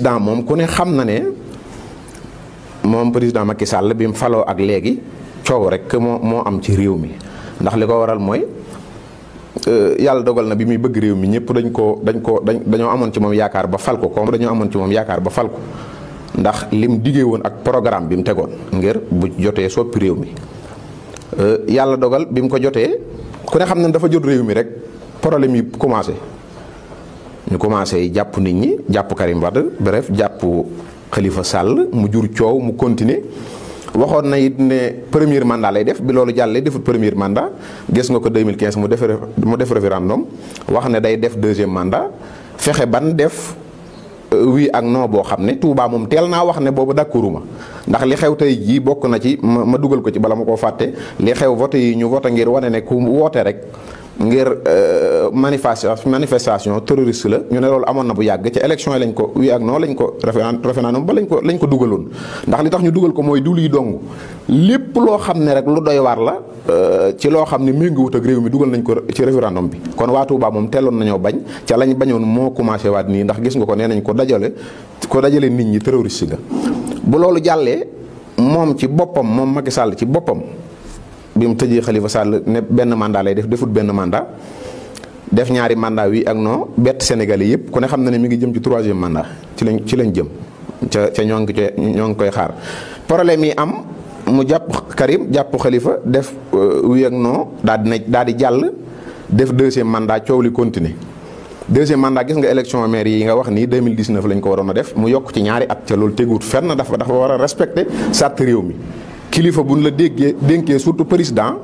président moom ku ne xam na ne moom président Macky Sall bi mu faloo ak léegi coow rek moo moo am ci réew mi ndax li ko waral mooy euh, yàlla dogal na bi muy bëgg réew mi ñëpp dañ ko dañ ko dañ dañoo amoon ci moom yaakaar ba fal ko comme dañoo amoon ci moom yaakaar ba fal ko ndax lim diggee woon ak programme bi mu tegoon ngir bu jotee soppi réew mi euh, yàlla dogal bi mu ko jotee ku ne xam ne dafa jot réew mi rek problème yi commencé ñu commencé jàpp nit ñi jàpp Karim Wade bref jàpp xalifa Sall mu jur coow mu continuer waxoon na yit ne premier mandat lay def bi loolu jàllee defut premier mandat gis nga ko 2015 mu def mu def référendum wax ne day def deuxième mandat fexe ban def euh, oui ak non boo xam ne Touba moom teel naa wax ne boobu d'accorduma ndax li xew tey jii bokk na ci ma ma dugal ko ci bala ma koo fàtte li xew vote yi ñu vote ngir wane ne ku woote rek. ngir euh, manifestation manifestation terroriste la ñu ne loolu amoon na bu yàgg ci élection yi lañ ko wii ak noo lañ ko référendum ba lañ ko lañ ko dugaloon ndax li tax ñu dugal ko mooy du lii dong lépp loo xam ne rek lu doy waar la euh, ci loo xam ne méngoowut ak réew mi dugal nañ ko ci référendum bi kon waatu Touba moom teeloon nañoo bañ ca lañ bañoon moo commencé waat nii ndax gis nga ko nee nañ ko dajale ko dajale nit ñi terroriste la bu loolu jàllee moom ci boppam moom Macky Sall ci boppam. bi mu tëjee xalifa Sall ne benn mandat lay def defut benn mandat def ñaari mandat wi ak non bett Sénégalais yëpp ku ne xam na ne mi ngi jëm ci troisième mandat ci lañ ci lañ jëm ca ca ñoo ngi koy ñoo ngi koy xaar problème yi am mu jàpp Karim jàpp Khalifa def euh, wi ak non daal di daal di jàll def deuxième mandat coow li continuer deuxième mandat gis nga élection maire yi nga wax nii 2019 lañ ko waroon a def mu yokk ci ñaari at ca loolu teguut fenn dafa dafa war a respecter sàtt réew mi. kilifa buñ la déggee dénkee surtout président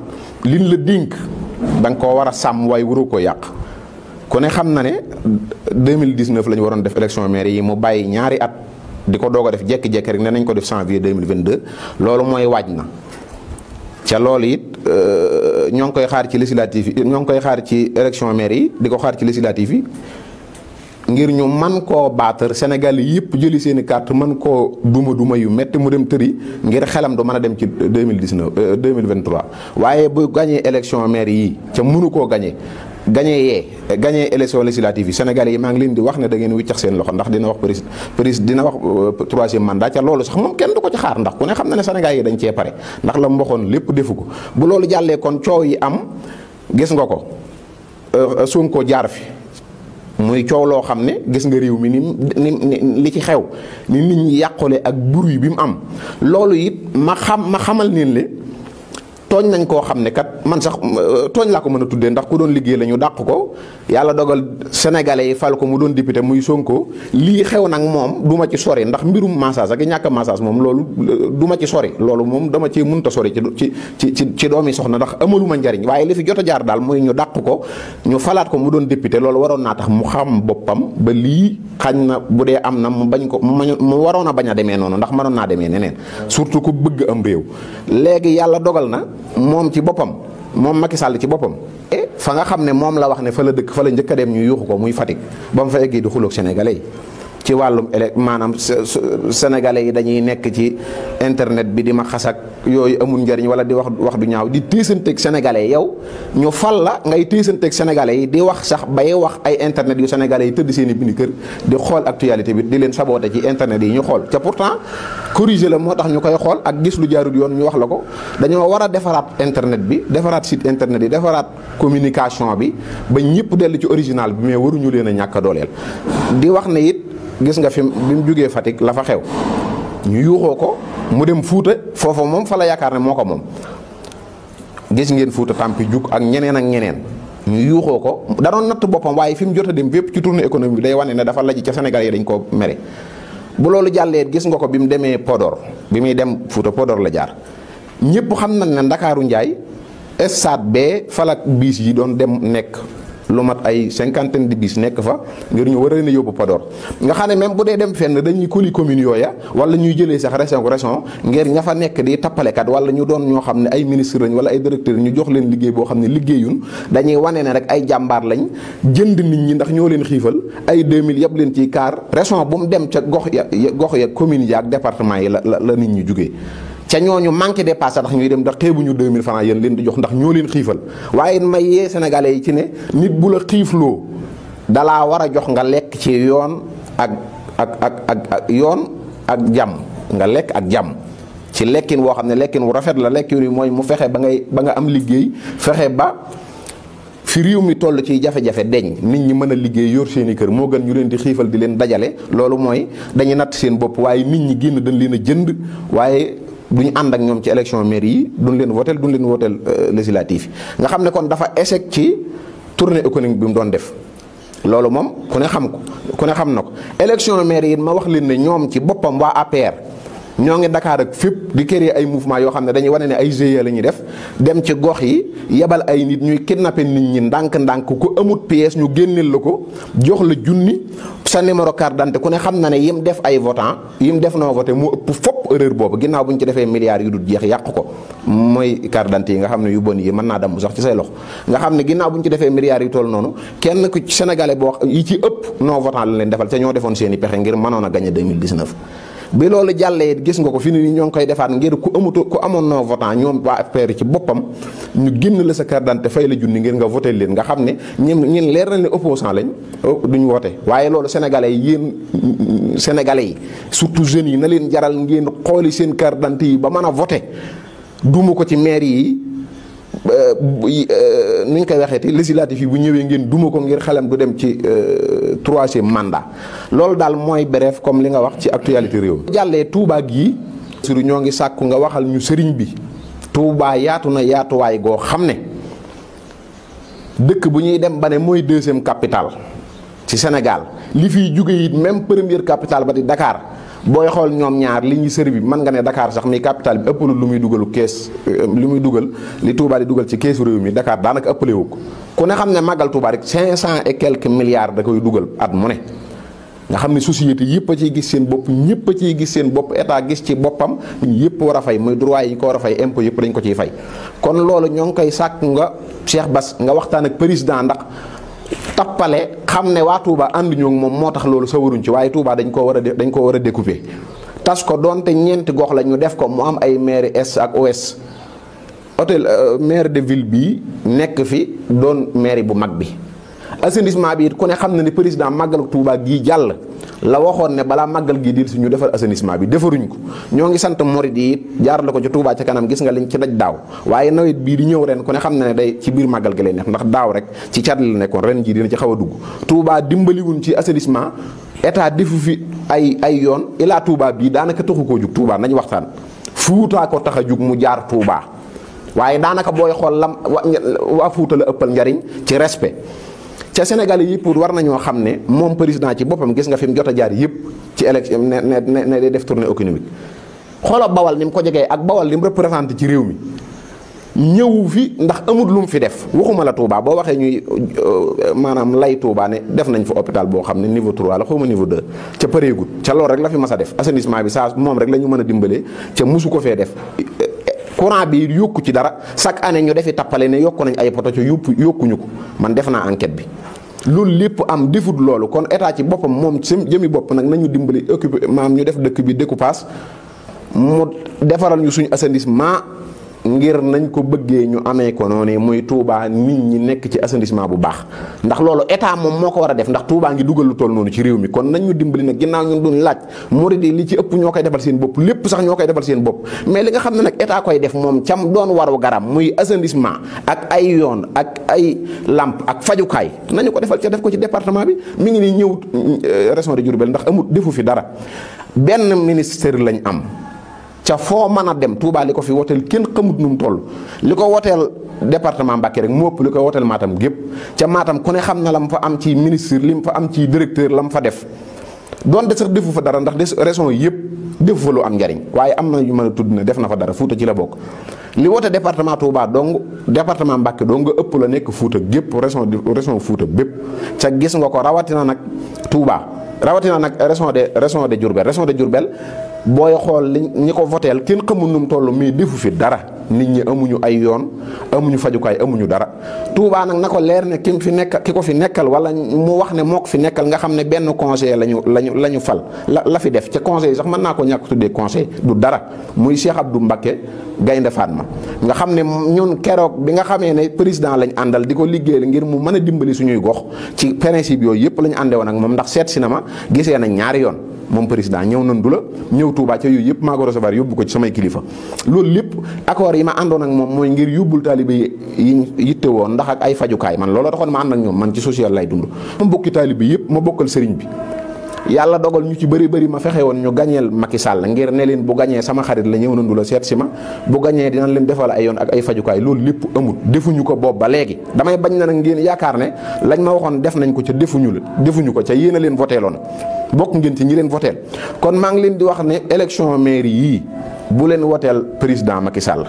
liñ la dénk da nga koo war a sàmm waaye waroo ko yàq ku ne xam na ne 2019 la ñu waroon def élection maire yi mu bàyyi ñaari at di ko doog a def jekki-jekki rek ne nañ ko def janvier 2022 loolu mooy waaj na ca loolu it euh, ñoo ngi koy xaar ci législative yi ñoo ngi koy xaar ci élection maire yi di ko xaar ci législative yi ngir ñu man koo baatar Sénégal yëpp jëli seen i man koo duma duma yu metti mu dem tëri ngir xelam du mën a dem ci deux mille dix neuf euh, deux mille vingt trois waaye bu gagné élection maire yi ca mënu koo gagné. gañee yee gañee élection législative yi Sénégalais yi maa ngi leen di wax ne da ngeen wiccax seen loxo ndax dina wax pris pris dina wax euh, troisième mandat ca loolu sax moom kenn du ko ci xaar ndax ku ne xam na ne Sénégalais yi dañ cee pare ndax la mu waxoon lépp defu ko bu loolu jàllee kon coow yi am gis nga ko euh, Sonko jaar fi. muy coow loo xam ne gis nga réew mi ni li ci xew ni nit ñi yàqule ak bruit bi mu am loolu it ma xam ma xamal leen le tooñ nañ koo xam ne kat man sax euh, tooñ laa ko mën a tuddee ndax ku doon liggéey la ñu dàq ko yàlla dogal sénégalais yi fal ko mu doon député muy Sonko lii xew nag moom du ma ci sori ndax mbirum massage ak ñàkk a massage moom loolu euh, du ci sori loolu moom dama cee munta a sori ci ci ci ci doomi soxna ndax amaluma njariñ waaye li fi jot a jaar daal muy ñu dàq ko ñu falaat ko mu doon député loolu waroon naa tax mu xam boppam ba lii xañ na bu dee am na mu bañ ko mu waroon a bañ a demee noonu ndax mënoon naa demee neneen surtout ku bëgg am réew moom ci boppam moom Macky Sall ci boppam e fa nga xam ne moom la wax ne fa la dëkk fa la njëkk a dem ñu yuuxu ko muy Fatick ba mu fa eggee di xuloog sénégalais ci wàllum élec maanaam sénégalais yi dañuy nekk ci internet bi di ma xasak yooyu amul njariñ wala di wax wax du ñaaw di téesanteeg sénégalais yow ñu fal la ngay téesanteeg sénégalais yi di wax sax bay wax ay internet yu sénégalais yi tëdd seen i bindi kër di xool actualité bi di leen saboté ci internet yi ñu xool te pourtant corriger la moo tax ñu koy xool ak gis lu jaarut yoon ñu wax la ko dañoo war a defaraat internet bi defaraat site internet yi defaraat communication bi ba ñëpp dellu ci original bi mais waruñu leen a ñàkk a gis nga fi bi mu jugee Fatick la fa xew ñu yuuxoo ko mu dem Fuuta foofa moom fa yaakaar ne moo ko moom gis ngeen Fuuta tàmpi jug ak ñeneen ak ñeneen ñu yuuxoo ko danoon natt boppam waaye fi mu jot dem bépp ci tournée économie bi day wanee ne dafa laj ca Sénégal yi dañ koo mere bu loolu jàllee gis nga ko bi mu demee Podor bi muy dem Fuuta Podor la jaar ñëpp xam nañ ne Ndakaaru Njaay stade bee falak biis yi doon dem nekk lu mat ay cinquantaine de bis nekk fa ngir ñu war a leen a yóbbu Podor nga xam ne même bu dee dem fenn dañuy kuli commune yooya wala ñuy jëlee sax région ko région ngir ña fa nekk di tappalekat wala ñu doon ñoo xam ne ay ministre lañ wala ay directeur ñu jox leen liggéey boo xam ne liggéeyun dañuy wane ne rek ay jàmbaar lañ jënd nit ñi ndax ñoo leen xiifal ay mille yëpp leen ciy kaar région bu mu dem ca gox ya gox ya commune ya ak département yi la la nit ñi jugee ca ñooñu manqué dépassé tax ñuy dem ndax xeebuñu 2000 francs yéen leen di jox ndax ñoo leen xiifal waaye may yee sénégalais yi ci ne nit bu la xiifloo dalaa war a jox nga lekk ci yoon ak ak ak ak yoon ak jàmm nga lekk ak jàmm ci lekkin woo xam ne lekkin wu rafet la lekkin yi mooy mu fexe ba ngay ba nga am liggéey fexe ba fi réew mi toll ci jafe-jafe deñ nit ñi mën a liggéey yor seen i kër moo gën ñu leen di xiifal di leen dajale loolu mooy dañuy natt seen bopp waaye nit ñi génn dañ leen a jënd ñu ànd ak ñoom ci élection maire yi duñ leen votel duñ leen votel euh, législative yi nga xam ne kon dafa échec ci tournée économique bi mu doon def loolu moom ku ne xam ko ku ne xam na ko élection mairie yi ma wax leen ne ñoom ci boppam waa APR ñoo ngi ndakaar ak fépp di yi ay mouvement yoo xam ne dañuy wane ne ay GIE la ñuy def dem ci gox yi yebal ay nit ñuy kidnappé nit ñi ndànk-ndànk ku amut pièce ñu génneel la ko jox la junni sa numéro carte d'identité ku ne xam na ne yim def ay votant yim def noo voté mu ëpp fopp erreur boobu ginnaaw bu ñu ci defee milliards yu dul jeex yàq ko mooy carte d'identité xam ne yu bon yi mën naa dem sax ci say nga xam ne ginnaaw bu ñu ci defee milliards yu toll noonu kenn ku sénégalais boo yi ci ëpp non votant defal te ñoo defoon seen i pexe ngir mënoon a gagné 2019 bi loolu jàllee gis nga ko fi ni ñoo ngi koy defaat ngir ku amatu ku amoon non votant ñoom waa APR ci boppam ñu génn la sa carte fay la junni ngir nga voté leen nga xam ne ñun ñun leer na ne opposant lañ oh, duñ voté waaye loolu sénégalais yi yéen mm, sénégalais yi surtout jeunes yi na leen jaral ngeen xooli seen carte d'identité yi ba mën a voté duuma ko ci meer yi. Euh, euh, nu ñu koy waxeeti législatif yi bu ñëwee ngeen duma ko ngir xelam du dem ci euh, troisième mandat loolu daal mooy bref comme li nga wax ci actualité réew jàllee Touba gii suru ñoo ngi sàkku nga waxal ñu sëriñ bi Touba yaatu na yaatuwaay goo xam ne dëkk bu ñuy dem ba ne mooy deuxième capitale ci Sénégal li fiy jóge it même première capitale ba di dakaar booy xool ñoom ñaar li ñuy sëri bi nga ne dakaar sax mi capital bi ëppalu lu muy dugalu kees euh, lu muy dugal li Touba dugal ci keesu réew mi dakaar daanaka ëppale wu ko ku ne xam ne màggal Touba rek 500 et da koy dugal at mu ne. nga xam ne société yëpp a ciy gis seen bopp ñëpp a ciy gis seen bopp état gis ci boppam yëpp war a fay muy droit yi ko war a fay impôt yëpp dañ ko ciy fay kon loolu ñoo ngi koy sàkk nga Cheikh bas nga waxtaan ak président ndax. tappale xam ne waa Touba ànduñu moom moo tax loolu sa waruñ ci waaye Touba dañ ko war a dañ ko war a découper tas ko doonte ñeenti gox lañu def ko mu am ay maire es ak ouest hôtel euh, maire de ville bii nekk fi doon maire bu mag bi. assainissement bi it ku ne xam na ne président màggal tuubaa gii jàll la waxoon ne balaa màggal gii dil si ñu defar assainissement bi defaruñ ko ñoo ngi sant morit yi it jaarale ko ci Touba ca kanam gis nga liñ ci daj daaw waaye nawet bii di ñëw ren ku ne xam na ne day ci biir màggal gi lay nekk ndax daaw rek ci cat la nekkoon ren jii dina ci xaw a dugg tuubaa dimbaliwuñ ci assainissement état defu fi ay ay yoon ilaa Touba bii daanaka taxu koo jug Touba nañ waxtaan fuutaa ko tax a jug mu jaar Touba waaye daanaka booy xool lam waa Fuuta la ëppal njariñ ci respect ca Sénégal yi pour war nañoo xam ne moom président ci boppam gis nga fi mu jot a jaar yëpp ci élection ne ne ne day def tournée économique xoolal bawal ni mu ko jegee ak bawal li mu représenté ci réew mi ñëw fi ndax amut lu mu fi def waxuma la Touba boo waxee ñuy euh, maanaam lay Touba ne def nañ fa hôpital boo xam ne niveau 3 la xaw ma niveau de ca pareegut ca loolu rek la fi mas a def assainissement bi saa moom rek lañu mën a dimbalee ca mosu ko fee def. courant bi yokku ci dara chaque année ñu defi tappale ne yokku nañ ay poto ci ñu ko man def naa enquête bi. loolu lépp am defut loolu kon état ci boppam moom si jëmi bopp nag nañu dimbali occupé maam ñu def dëkk bi découpage mu defaral ñu suñu assainissement. ngir nañ ko bëggee ñu amee ko noonu muy Touba nit ñi nekk ci assainissement bu baax ndax loolu état moom moo ko war a def ndax Touba ngi dugal lu toll noonu ci réew mi kon nañ ñu dimbali nag ginnaaw ñun duñ laaj murid li ci ëpp ñoo koy defal seen bopp lépp sax ñoo koy defal seen bopp mais li nga xam ne nag état koy def moom cam doon waru garam muy assainissement ak ay yoon ak ay lamp ak fajukaay nañu ko defal ca def ko ci département bi mu ngi nii ñëw euh, région de Diourbel ndax amut defu fi dara benn ministère lañ am ca foo mën a dem Touba li ko fi woteel kenn xamut nu mu toll li ko woteel département Mbacké rek mu ëpp li ko woteel Matam gépp ca maatam ku ne xam na la mu fa am ci ministre li mu fa am ci directeur la mu fa def doon desax defu fa dara ndax des raison yëpp defu fa lu am njariñ waaye am na ñu mën a tudd na def na fa dara Fuuta ci la bokk li wote département Touba dong département Mbacké dong nga ëpp la nekk Fuuta gépp région région Fuuta bépp ca gis nga ko rawatina nag Touba rawatina nag région de région de Diourbel région de Diourbel booy xool li ñi ko voteel kenn xamul nu mu toll mii defu fi dara nit ñi amuñu ay yoon amuñu fajukaay amuñu dara Touba nag na ko leer ne ki fi nekk ki ko fi nekkal wala mu wax ne moo ko fi nekkal nga xam ne benn conseil lañu lañu la ñu fal la la fi def ca conseil sax mën naa ko ñàkk tuddee conseil du dara muy Cheikh du Mbacké Gaynde ma nga xam ne ñun keroog bi nga xamee ne président lañ àndal di ko liggéeyal ngir mu mën a dimbali suñuy gox ci principe yooyu yëpp la ànde woon ak moom ndax seet si na ma gisee na ñaari yoon moom président ñëw nan du la ñëw Touba ca yooyu yëpp maa ko recevoir yóbbu ko ci samay kilifa loolu lépp accord yi ma àndoon ak moom mooy ngir yóbbul taalibe yi yitte woon ndax ak ay fajukaay man looloo taxoon ma ànd ak ñoom man ci social lay dund ma bokki taalibe yëpp ma bokkal sëriñ bi yàlla dogal ñu ci bëri bëri ma fexe woon ñu gañeel Macky Sall ngir ne leen bu gañee sama xarit la ñëw na du la seet si ma bu gañee dinañ leen defal ay yoon ak ay fajukaay loolu lépp amul defuñu ko boobu ba léegi damay bañ na nag ngeen yaakaar ne lañ ma waxoon def nañ ko ca defuñu la defuñu ko ca yéen a leen voteeloon bokk ngeen ci ñi leen voteel kon maa ngi leen di wax ne élection mairie yii bu leen woteel président Macky Sall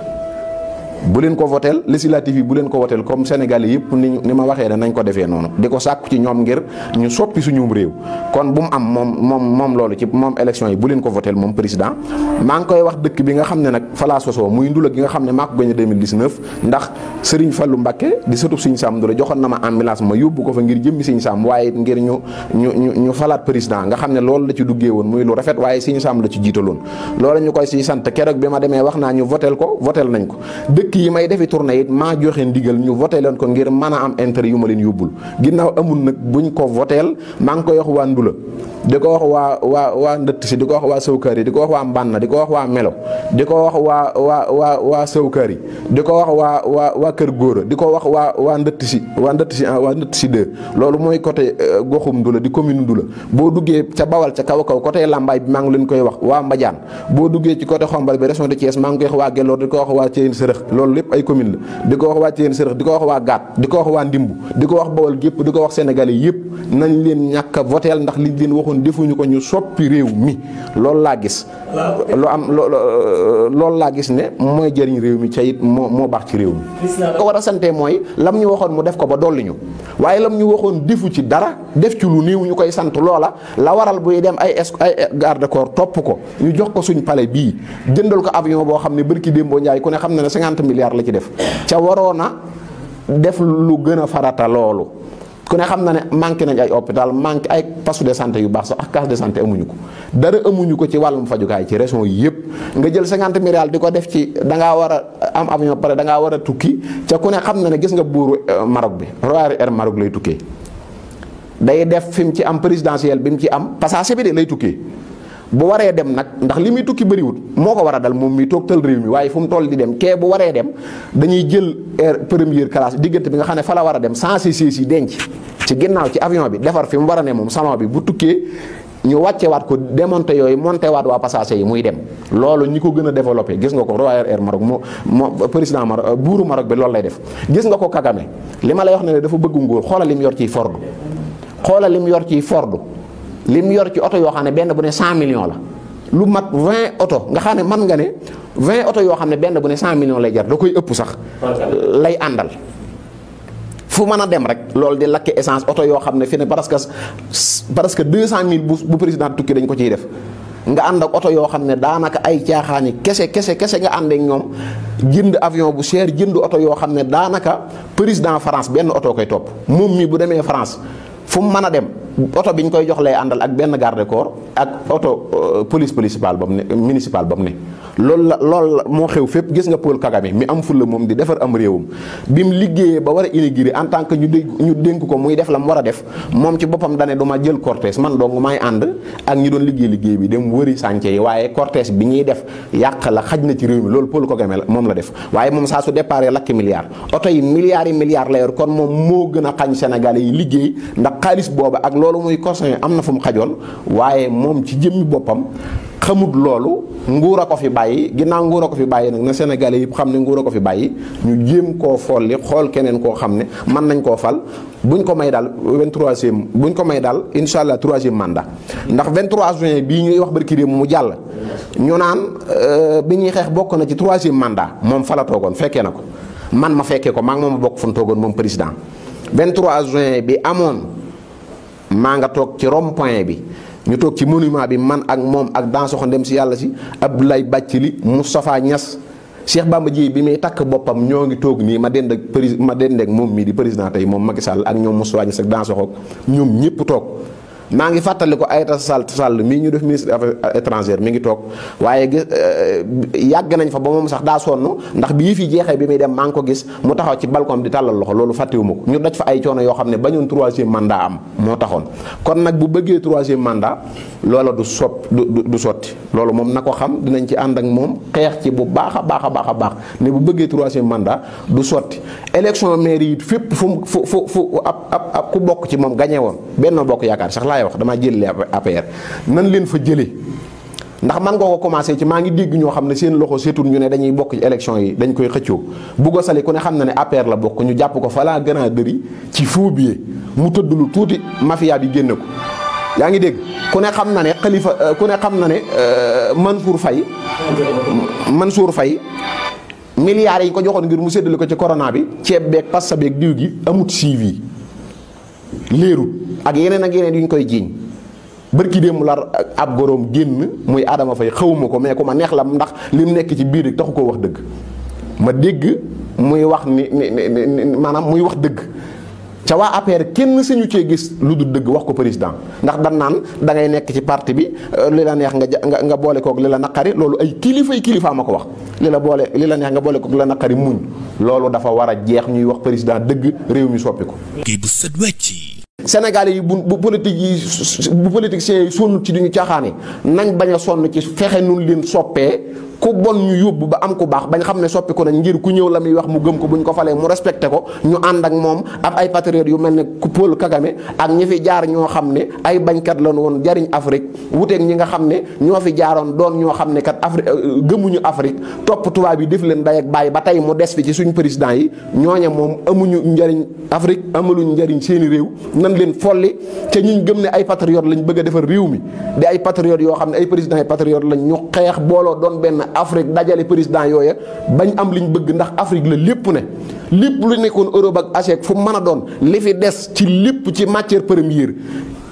bu leen ko voteel législative yi bu leen ko voteel comme Sénégalais yëpp ni ni ma waxee ne nañ ko defee noonu di ko sàkku ci ñoom ngir ñu soppi suñu réew kon bu mu am moom moom moom loolu ci moom élection yi bu leen ko voteel moom président maa ngi koy wax dëkk bi nga xam ne nag falaa sosoo muy ndula gi nga xam ne maa ko gagné 2019 ndax Serigne Fallou Mbacké di sëtub Serigne Sam Ndoulo joxoon na ma ambulance ma yóbbu ko fa ngir jëmmi Serigne Sam waaye ngir ñu ñu ñu ñu falaat président nga xam ne loolu la ci duggee woon muy rafet waaye Serigne Sam la ci jiitaloon loolu ñu koy si sant keroog bi ma demee wax naa ñu ko voteel nañ ko kii yi may defi tournée it maa joxe ndigal ñu voté leen ko ngir mën a am intérêt yu ma leen yóbbul ginnaaw amul nag buñ ko voteel maa ngi koy wax waa Ndula di ko wax waa waa waa Ndëtt si di ko wax waa Sawkaar yi di ko wax waa Mbanna di ko wax waa Melo di ko wax waa waa waa waa Sawkaar yi di ko wax waa waa waa Kër Góora di ko wax waa waa Ndëtt si waa Ndëtt si waa Ndëtt si loolu mooy côté euh, goxum Ndula di commune Ndula boo duggee ca Bawal ca kaw kaw côté Lambaay bi maa ngi leen koy wax waa Mbadiane boo duggee ci côté Xombal bi région de Thiès koy wax waa Gelor di ko wax waa Thiène loolu lépp ay commune la di ko wax waa Thiène Sërëx di waa Gaat di ko wax waa Ndimbu di ko wax Bawol gépp di ko wax sénégalais yëpp nañ leen ñàkk a ndax li leen waxoon defuñu ko ñu soppi réew mi loolu laa gis. lu am loolu laa gis ne mooy jëriñ réew mi ca it moo moo baax ci réew mi. ko war a sante mooy lam ñu waxoon mu def ko ba dolli ñu waaye lam ñu waxoon defu ci dara def ci lu néew ñu koy sant loola la waral buy dem ay ay garde corps topp ko ñu jox ko suñ palais bii jëndal ko avion boo xam ne barki démboo Njaay ku ne milliards la ci def ca waroon a def lu gën a farata loolu ku ne xam na ne manqué nañ ay hôpital manqué ay poste de santé yu baax sax ak case de santé amuñu ko dara amuñu ko ci wàllum fajukaay ci région yi yëpp nga jël 50 milliards di ko def ci da ngaa war a am avion pare da ngaa war a tukki ca ku ne xam na ne gis nga buur euh, Maroc bi Royal Air Maroc lay tukkee day def fi mu ci am présidentiel bi mu ci am passage bi lay tukkee. bu waree dem nag ndax li muy tukki bëriwut moo ko war a dal moom mi toog tël réew mi waaye fu mu toll di dem kee bu waree dem dañuy jël air première classe diggante bi nga xam ne fa la war a dem sensé siis yi denc ci ginnaaw ci avion bi defar fi mu war a ne moom salon bi bu tukkee ñu wàcce waat ko démonté yooyu monté waat waa passager yi muy dem loolu ñi ko gën a développé gis nga ko Royal Air Maroc moo président Maroc euh, buuru Maroc bi loolu lay def gis nga ko Kagame li ma lay wax ne dafa bëgg nguur xoolal li mu yor ciy Ford xoolal li mu yor ciy Ford lim yor ci oto yoo xam ne benn bu ne 100 millions la lu mat 20 oto nga xam ne man nga ne 20 oto yoo xam ne benn bu ne 100 lay jar da koy ëpp sax. lay àndal. fu mën a dem rek loolu di lakke essence oto yoo xam ne fi ne presque presque 200000 bu bu président tukki dañ ko ciy def. nga ànd ak oto yoo xam ne daanaka ay caaxaani kese kese kese nga ànd ñoom jënd avion bu cher jënd oto yoo xam ne daanaka président France benn oto koy topp moom mi bu demee France. fu mu mën a dem oto bi ñu koy jox lay àndal ak benn garde ak oto euh, police municipal ba mu ne municipal ba mu loolu la lool moo xew fépp gis nga Paul Kagame mi am fulla moom di defar am réewam bi mu liggéeyee ba war a inaugurer en tant que ñu dé ñu dénk ko muy def la mu war a def moom ci boppam dane duma jël cortège man doo dong may ànd ak ñu doon liggéey liggéey bi dem wëri chantier yi waaye cortège bi ñuy def yàq la xaj na ci réew mi loolu Paul Kagame la moom la def waaye moom saa su déparé lakk milliards oto yi milliards yi milliards la yor kon moom moo gën a xañ Sénégalais yi liggéey ndax xaalis booba ak loolu muy corson am na fu mu xajoon waaye moom ci jëmmi boppam xamut loolu nguura ko fi bàyyi ginnaaw nguur ko fi bàyyi nag na Sénégalais yëpp xam ne nguur ko fi bàyyi ñu jéem koo folli xool keneen koo xam ne man nañ koo fal buñ ko may daal 23e buñ ko may daal incha allah 3e ndax 23 juin bii ñuy wax barki mu jàll. ñu naan euh, bi ñuy xeex bokk na ci 3e moom fala la toogoon fekkee na ko man ma fekkee ko maa ngi moom ma bokk fu mu toogoon moom président 23 juin bi amoon maa nga toog ci rond point bi. ñu toog ci monument bi man ak moom ak dansoxo dem si yàlla si Abdoulaye Bathily Moustapha Niass Cheikh Bamba Dièye bi muy takk boppam ñoo ngi toog nii ma dend ak ma dend moom mii di président tey moom Macky Sall ak ñoom Moustapha Niass ak dansoxo ñoom ñëpp toog maa ngi fàttali ko Aïssata Sall Sall mii ñu def ministre des affaires mi ngi toog waaye gis euh, yàgg nañ fa ba moom sax daa sonn ndax bii fi jeexee bi muy dem maa ngi ko gis mu taxaw ci balcon di tàllal loxo loolu fàttewuma ko ñu daj fa ay coono yoo xam ne bañoon troisième mandat am moo taxoon kon nag bu bëggee troisième mandat loola du sopp du du sotti loolu moom na ko xam dinañ ci ànd ak moom xeex ci bu baax a baax a baax a baax ne bu bëggee troisième mandat du sotti élection mairie yi fépp fu mu fu fu ab ab ku bokk ci moom gañe woon Benno Bokk Yaakaar sax laay wax damaa jëlee APR nan leen fa jëlee ndax man nga ko commencé ci maa ngi dégg ñoo xam ne seen loxo seetul ñu ne dañuy bokk ci élection yi dañ koy xëccoo bu ko sali ku ne xam na ne APR la bokk ñu jàpp ko falaa laa gën dëri ci faux billet mu tëdd lu tuuti mafia bi génn ko. yaa ngi dégg ku ne xam na ne xalifa euh, ku ne xam na ne euh, man fay Faye suur fay milliards yi ko joxoon ngir mu séddale ko ci corona bi ceeb beeg pasta beeg diw gi amut suivi léerut ak yeneen ak yeneen yu ñu koy jiiñ bërki mu lar ab goroom génn muy Adama Faye xawma ko mais ku ma neex la ndax li mu nekk ci biir rek taxu koo wax dëgg ma dégg muy wax ni maanaam muy wax dëgg ca waa APR kenn sañu cee gis lu dul dëgg wax ko président ndax dan naan da ngay nekk ci parti bi euh, li la neex nga nga boole koog li la naqari loolu ay kilifa ay kilifaa ma ko wax li la boole li la neex nga boole koog li la naqari muñ loolu dafa war a jeex ñuy wax président dëgg réew mi soppi sénégalais yi bu bu politique yi bu politiciens yi sonn ci duñu caaxaane nañ bañ a sonn ci fexe nun leen soppee ku bon ñu yóbbu ba am ku baax bañ xam ne soppi ko nañ ngir ku ñëw la muy wax mu gëm ko buñ ko falee mu respecté ko ñu ànd ak moom ab ay patriotes yu mel ne ku Paul Kagame ak ñi fi jaar ñoo xam ne ay bañkat lañ woon jariñ Afrique wuteeg ñi nga xam ne ñoo fi jaaroon doon ñoo xam ne kat Afrique euh, gëmuñu Afrique topp tubaab yi def leen day ak bàyyi ba tey mu des fi ci suñ président yi ñooña moom amuñu njariñ Afrique amaluñu njariñ seeni réew nan leen folli te ñuñ gëm ne ay patriotes lañ bëgg a defar réew mi di ay patriotes yoo xam ne ay président yi patriotes lañ ñu xeex booloo Afrique dajale président yooya bañ am liñ bëgg ndax Afrique la lépp ne lépp lu nekkoon Europe ak Asie fu mën a doon li fi des ci lépp ci matière première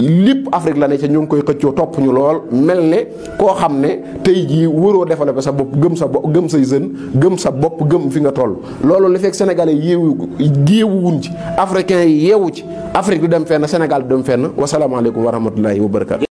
lépp Afrique la ne ca ñu ngi koy xëccoo topp ñu lool mel ne koo xam ne tey jii waroo développé sa bopp gëm sa bopp gëm say jeune gëm sa bopp gëm fi nga toll. loolu li fekk sénégalais yeewu yeewuwuñ ci africains yi yeewu ci Afrique du dem fenn Sénégal du dem fenn wasalaamaaleykum wa rahmatullahi wa barakatu.